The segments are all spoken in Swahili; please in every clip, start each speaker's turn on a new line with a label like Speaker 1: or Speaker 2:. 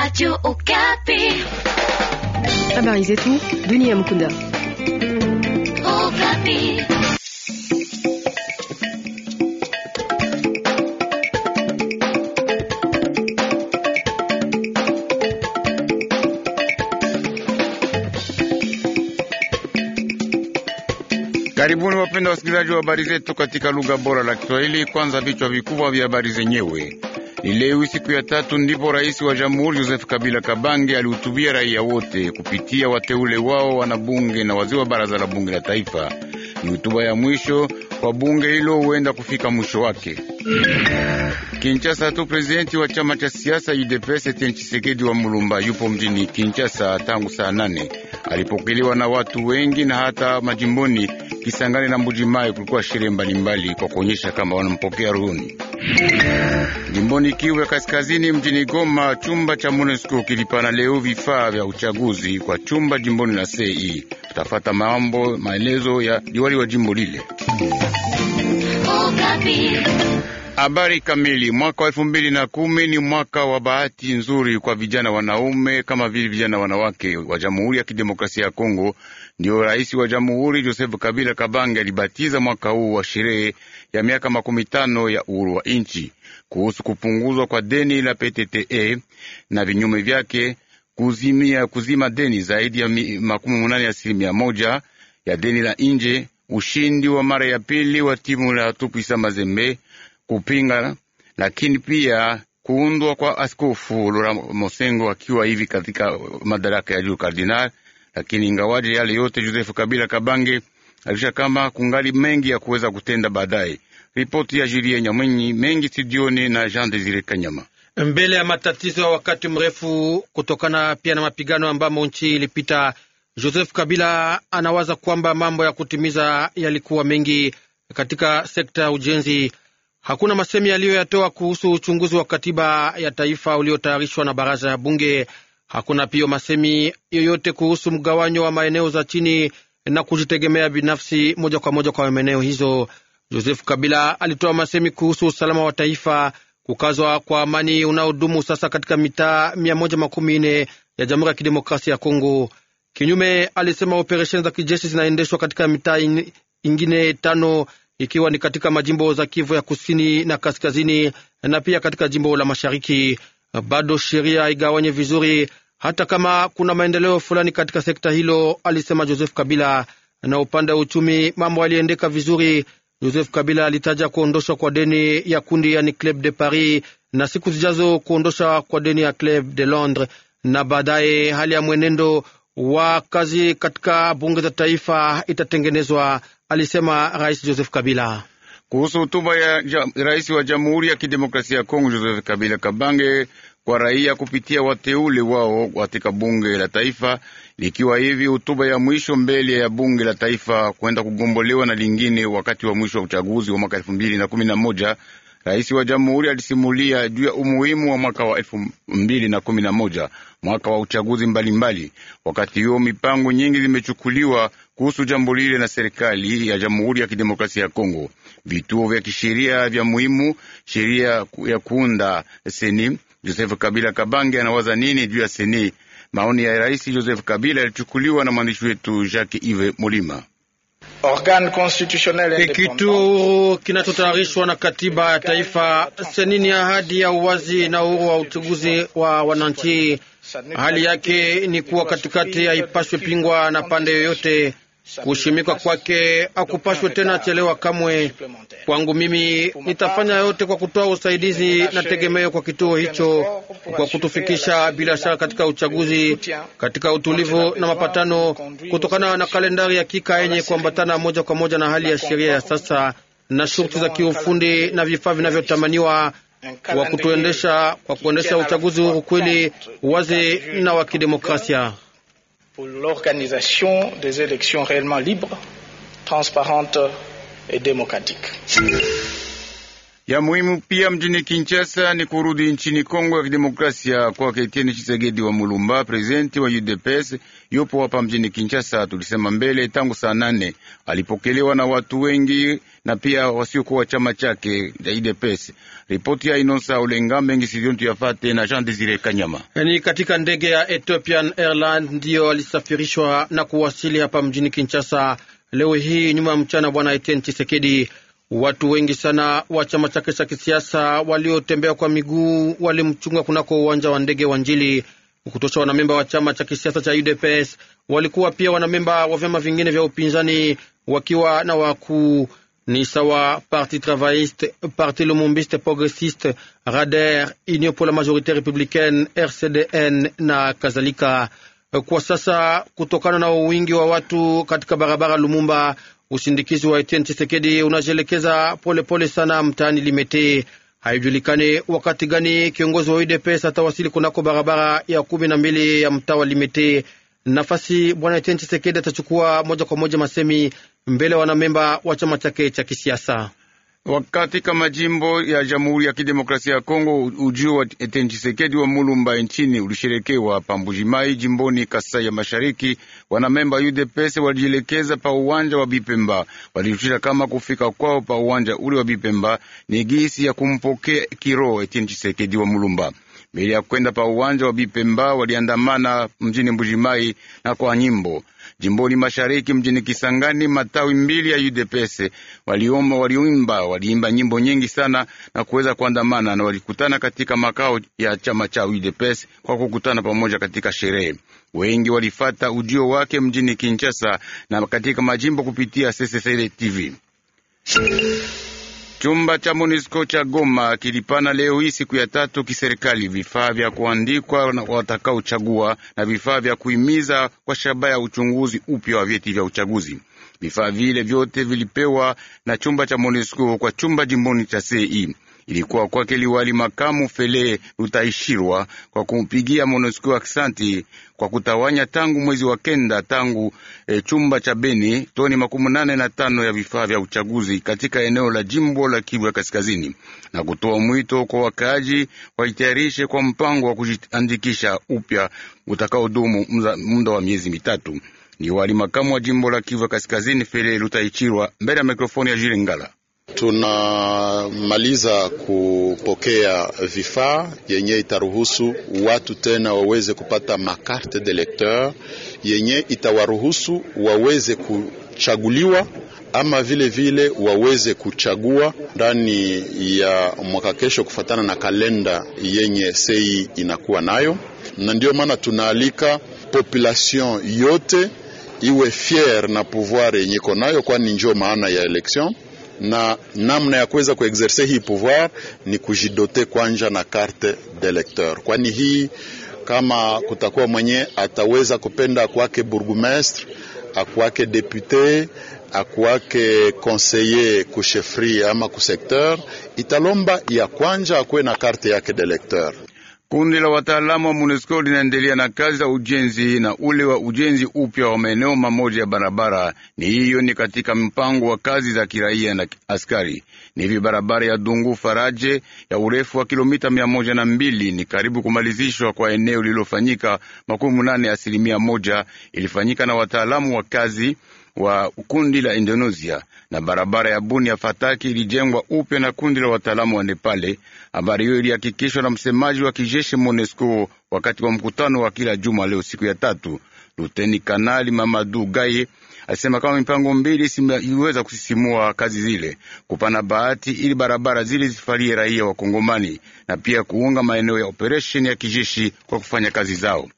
Speaker 1: Radio Okapi.
Speaker 2: Habari zetu dunia mkunda.
Speaker 1: Okapi.
Speaker 2: Karibuni wapenda wasikilizaji wa habari zetu katika lugha bora la Kiswahili. Kwanza vichwa vikubwa vya habari zenyewe. Ni leo siku ya tatu ndipo rais wa jamhuri Joseph Kabila Kabange alihutubia raia wote kupitia wateule wao wanabunge na wazee wa baraza la bunge la taifa. Ni hotuba ya mwisho kwa bunge hilo huenda kufika mwisho wake. Kinshasa tu prezidenti wa chama cha siasa UDPS Etienne Tshisekedi wa Mulumba yupo mjini Kinshasa tangu saa nane. Alipokelewa na watu wengi na hata majimboni Kisangani na Mbujimai kulikuwa sherehe mbalimbali kwa kuonyesha kama wanampokea ruhuni. Jimboni Kivu ya Kaskazini, mjini Goma, chumba cha MONUSCO kilipana leo vifaa vya uchaguzi kwa chumba jimboni la CEI. Tutafata mambo maelezo ya diwali wa jimbo lile. Habari kamili. Mwaka wa elfu mbili na kumi ni mwaka wa bahati nzuri kwa vijana wanaume kama vile vijana wanawake wa Jamhuri ya Kidemokrasia ya Kongo Ndiyo rais wa jamhuri Joseph Kabila Kabange alibatiza mwaka huu wa sherehe ya miaka makumi tano ya uhuru wa nchi. Kuhusu kupunguzwa kwa deni la PTTE na vinyume vyake, kuzimia, kuzima deni zaidi ya makumi munane asilimia moja ya deni la nje, ushindi wa mara ya pili wa timu la Tupwisa Mazembe kupinga, lakini pia kuundwa kwa askofu Lora Mosengo akiwa hivi katika madaraka ya juu kardinal lakini ingawaje yale yote, Joseph Kabila Kabange alisha kama kungali mengi ya kuweza kutenda baadaye. Ripoti ya Julie Nyamwenyi mengi studioni na Jean Desire Kanyama
Speaker 3: mbele ya matatizo ya wakati mrefu kutokana pia na mapigano ambamo nchi ilipita, Joseph Kabila anawaza kwamba mambo ya kutimiza yalikuwa mengi katika sekta ya ujenzi. Hakuna masemi aliyoyatoa kuhusu uchunguzi wa katiba ya taifa uliotayarishwa na baraza ya bunge. Hakuna pia masemi yoyote kuhusu mgawanyo wa maeneo za chini na kujitegemea binafsi moja kwa moja kwa maeneo hizo. Joseph Kabila alitoa masemi kuhusu usalama wa taifa, kukazwa kwa amani unaodumu sasa katika mitaa mia moja makumi nne ya Jamhuri ya Kidemokrasia ya Kongo. Kinyume, alisema operesheni za kijeshi zinaendeshwa katika mitaa ingine tano ikiwa ni katika majimbo za Kivu ya kusini na kaskazini na pia katika jimbo la mashariki bado sheria haigawanye vizuri, hata kama kuna maendeleo fulani katika sekta hilo, alisema Joseph Kabila. Na upande wa uchumi mambo yaliendeka vizuri. Joseph Kabila alitaja kuondoshwa kwa deni ya kundi yani Club de Paris na siku zijazo kuondosha kwa deni ya Club de Londres na baadaye hali ya mwenendo wa kazi katika bunge za taifa itatengenezwa, alisema Rais Joseph Kabila kuhusu
Speaker 2: hotuba ya ja, rais wa Jamhuri ya Kidemokrasia ya Kongo Joseph Kabila Kabange kwa raia kupitia wateule wao katika bunge la taifa, likiwa hivi hotuba ya mwisho mbele ya bunge la taifa kwenda kugombolewa na lingine wakati wa mwisho wa uchaguzi wa mwaka elfu mbili na kumi na moja. Rais wa jamhuri alisimulia juu ya umuhimu wa mwaka wa elfu mbili na kumi na moja, mwaka wa uchaguzi mbalimbali mbali. Wakati huo mipango nyingi zimechukuliwa kuhusu jambo lile na serikali ya Jamhuri ya Kidemokrasia ya Kongo vituo vya kisheria vya muhimu. Sheria ya kuunda seni, Joseph Kabila Kabange anawaza nini juu ya seni? Maoni ya Rais Joseph Kabila yalichukuliwa na mwandishi wetu Jacques Ive Mulima.
Speaker 3: Kituo huru kinachotayarishwa na katiba ya taifa, seni ni ahadi ya uwazi na uhuru wa uchaguzi wa wananchi. Hali yake ni kuwa katikati, haipaswe pingwa na pande yoyote. Kushimika kwake akupashwe tena achelewa kamwe. Kwangu mimi, nitafanya yote kwa kutoa usaidizi na tegemeo kwa kituo hicho kwa kutufikisha bila shaka katika uchaguzi katika utulivu na mapatano, kutokana na kalendari ya kika yenye kuambatana moja kwa moja na hali ya sheria ya sasa na shurti za kiufundi na vifaa vinavyotamaniwa wa kutuendesha kwa kuendesha uchaguzi huru kweli, wazi na wa kidemokrasia.
Speaker 2: pour l'organisation des
Speaker 3: élections réellement libres, transparentes et démocratiques.
Speaker 2: Ya muhimu pia mjini Kinshasa ni kurudi nchini Kongo ya Kidemokrasia kwa Etienne Tshisekedi wa Mulumba, prezidenti wa UDPS yupo hapa mjini Kinshasa, tulisema mbele tangu saa nane. Alipokelewa na watu wengi na pia wasiokuwa chama chake ya UDPS. Ripoti ya Inosa Olenga mengi sivioni tuyafate na Jean Desire Kanyama.
Speaker 3: Ni katika ndege ya Ethiopian Airlines ndiyo alisafirishwa na kuwasili hapa mjini Kinshasa leo hii nyuma ya mchana, bwana Etienne Tshisekedi Watu wengi sana wa chama chake cha kisiasa waliotembea kwa miguu walimchunga kunako uwanja wa ndege wa Njili. Kutosha wanamemba wa chama cha kisiasa cha UDPS walikuwa pia wanamemba wa vyama vingine vya upinzani wakiwa na wakuu ni sawa Parti Travailliste, Parti Lumumbiste Progressiste, Rader, Union pour la Majorite Républicaine, RCDN na kadhalika. Kwa sasa kutokana na wingi wa watu katika barabara Lumumba Usindikizi wa Etienne Chisekedi unajielekeza polepole sana mtaani Limete. Haijulikani wakati gani kiongozi wa UDPS atawasili kunako barabara ya kumi na mbili ya mtaa wa Limete. Nafasi bwana Etienne Chisekedi atachukua moja kwa moja masemi mbele wanamemba wa chama chake cha kisiasa wakati
Speaker 2: ka majimbo ya Jamhuri ya Kidemokrasia ya Kongo, ujio wa Etienne Tshisekedi wa Mulumba nchini ulisherekewa pa Mbujimai, jimboni Kasai ya Mashariki. Wanamemba UDPS walijielekeza pa uwanja wa Bipemba, walijulisha kama kufika kwao pa uwanja ule wa Bipemba ni gisi ya kumpokea kiroho Etienne Tshisekedi wa Mulumba. Mbele ya kwenda pa uwanja wa Bipemba, waliandamana mjini Mbujimai na kwa nyimbo jimboni mashariki mjini Kisangani, matawi mbili ya UDPS waliomba, walioimba, waliimba nyimbo nyingi sana na kuweza kuandamana, na walikutana katika makao ya chama cha UDPS kwa kukutana pamoja katika sherehe. Wengi walifata ujio wake mjini Kinshasa na katika majimbo kupitia TV. Chumba cha MONUSCO cha Goma kilipana leo hii siku ya tatu kiserikali vifaa vya kuandikwa na watakaochagua na vifaa vya kuhimiza kwa shabaha ya uchunguzi upya wa vyeti vya uchaguzi. Vifaa vile vyote vilipewa na chumba cha MONUSCO kwa chumba jimboni cha ce ilikuwa kwake liwali makamu Fele Rutaishirwa kwa kumpigia MONUSCO aksanti kwa kutawanya tangu mwezi wa kenda tangu e, chumba cha Beni toni makumi nane na tano ya vifaa vya uchaguzi katika eneo la jimbo la Kivu ya Kaskazini na kutoa mwito kwa wakaaji waitayarishe kwa mpango wa kujiandikisha upya utakaodumu muda wa miezi mitatu. Ni wali makamu wa jimbo la Kivu ya Kaskazini Fele Lutaichirwa mbele ya mikrofoni ya Jiri Ngala. Tunamaliza kupokea vifaa yenye itaruhusu watu tena waweze kupata makarte de lecteur yenye itawaruhusu waweze kuchaguliwa ama vile vile waweze kuchagua ndani ya mwaka kesho, kufuatana na kalenda yenye sei inakuwa nayo, na ndiyo maana tunaalika population yote iwe fier na pouvoir yenye iko nayo, kwani njio maana ya election na namna ya kuweza kuexerce hii pouvoir ni kujidote kwanja na carte d'electeur, kwani hii kama kutakuwa mwenye ataweza kupenda kwake burgomestre akwake député akwake conseiller kushefri ama kusekteur, italomba ya kwanja akuwe na karte yake délecteur Kundi la wataalamu wa MONUSCO linaendelea na kazi za ujenzi na ule wa ujenzi upya wa maeneo mamoja ya barabara. Ni hiyo ni katika mpango wa kazi za kiraia na askari. Ni hivi barabara ya Dungu Faraje ya urefu wa kilomita mia moja na mbili ni karibu kumalizishwa kwa eneo lililofanyika makumi nane asilimia moja ilifanyika na wataalamu wa kazi wa kundi la Indonesia na barabara ya buni ya Fataki ilijengwa upya na kundi la wataalamu wa Nepale. Habari hiyo ilihakikishwa na msemaji wa kijeshi monesco wakati wa mkutano wa kila juma leo siku ya tatu. Luteni Kanali Mamadu Gaye alisema kama mipango mbili iliweza kusisimua kazi zile, kupana bahati ili barabara zile zifalie raia wa Kongomani na pia kuunga maeneo ya operesheni ya kijeshi kwa kufanya kazi zao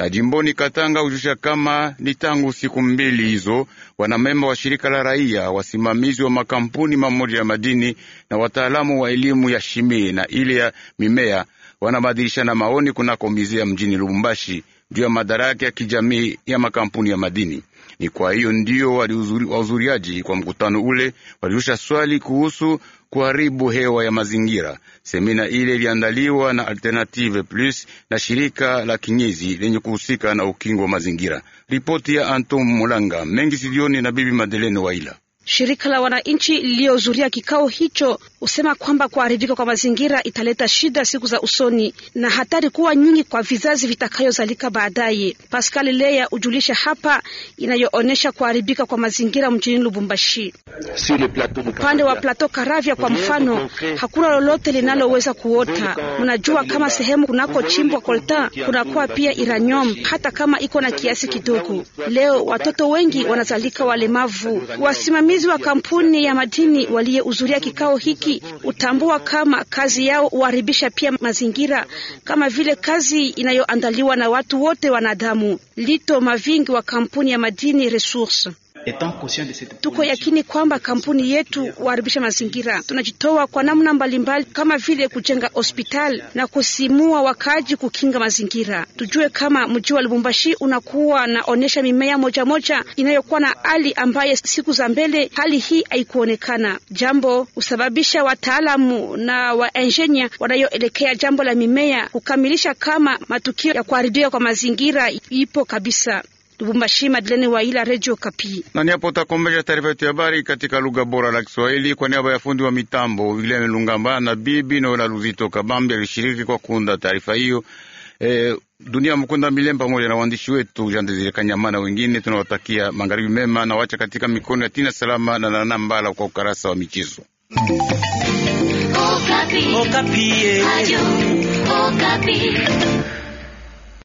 Speaker 2: na jimboni Katanga ujusha kama ni tangu siku mbili hizo, wanamemba wa shirika la raia, wasimamizi wa makampuni mamoja ya madini na wataalamu wa elimu ya shimi na ile ya mimea wanabadilishana maoni mizea mjini Lubumbashi juu ya madaraka ya kijamii ya makampuni ya madini. Ni kwa hiyo ndio wahudhuriaji kwa mkutano ule waliusha swali kuhusu kuharibu hewa ya mazingira. Semina ile iliandaliwa na Alternative Plus na shirika la kinyezi lenye kuhusika na ukingo wa mazingira. Ripoti ya Anton Mulanga mengi sidioni na Bibi madeleine Waila.
Speaker 1: Shirika la wananchi liliyohudhuria kikao hicho husema kwamba kuharibika kwa mazingira italeta shida siku za usoni na hatari kuwa nyingi kwa vizazi vitakayozalika baadaye. Pascal Leya hujulisha hapa inayoonyesha kuharibika kwa mazingira mjini Lubumbashi.
Speaker 3: Upande wa plato Karavya kwa mfano,
Speaker 1: hakuna lolote linaloweza kuota. Mnajua kama sehemu kunakochimbwa coltan kunakuwa pia iranyom, hata kama iko na kiasi kidogo. Leo watoto wengi wanazalika walemavu. Wasimamizi Wasimamizi wa kampuni ya madini waliyehudhuria kikao hiki hutambua kama kazi yao huharibisha pia mazingira kama vile kazi inayoandaliwa na watu wote wanadamu. Lito Mavingi wa kampuni ya madini Resource Tuko yakini kwamba kampuni yetu huharibisha mazingira. Tunajitoa kwa namna mbalimbali kama vile kujenga hospitali na kusimua wakaji kukinga mazingira. Tujue kama mji wa Lubumbashi unakuwa naonyesha mimea moja moja inayokuwa na hali ambaye siku za mbele hali hii haikuonekana, jambo husababisha wataalamu na waenjenia wanayoelekea jambo la mimea kukamilisha kama matukio ya kuharibika kwa mazingira ipo kabisa. Lubumbashi, Madeleine Waila, Radio Kapi.
Speaker 2: Na hapo utakomesha taarifa yetu ya habari katika lugha bora la Kiswahili kwa niaba ya fundi wa mitambo William Lungamba na bibi Noela Luzito Kabambi alishiriki kwa kuunda taarifa hiyo. Eh, dunia mkunda milem pamoja na waandishi wetu Jean Desire Kanyama na wengine tunawatakia magharibi mema na wacha katika mikono ya Tina Salama na Nana Mbala kwa ukarasa wa michezo.
Speaker 1: Okapi. Okapi. Eh.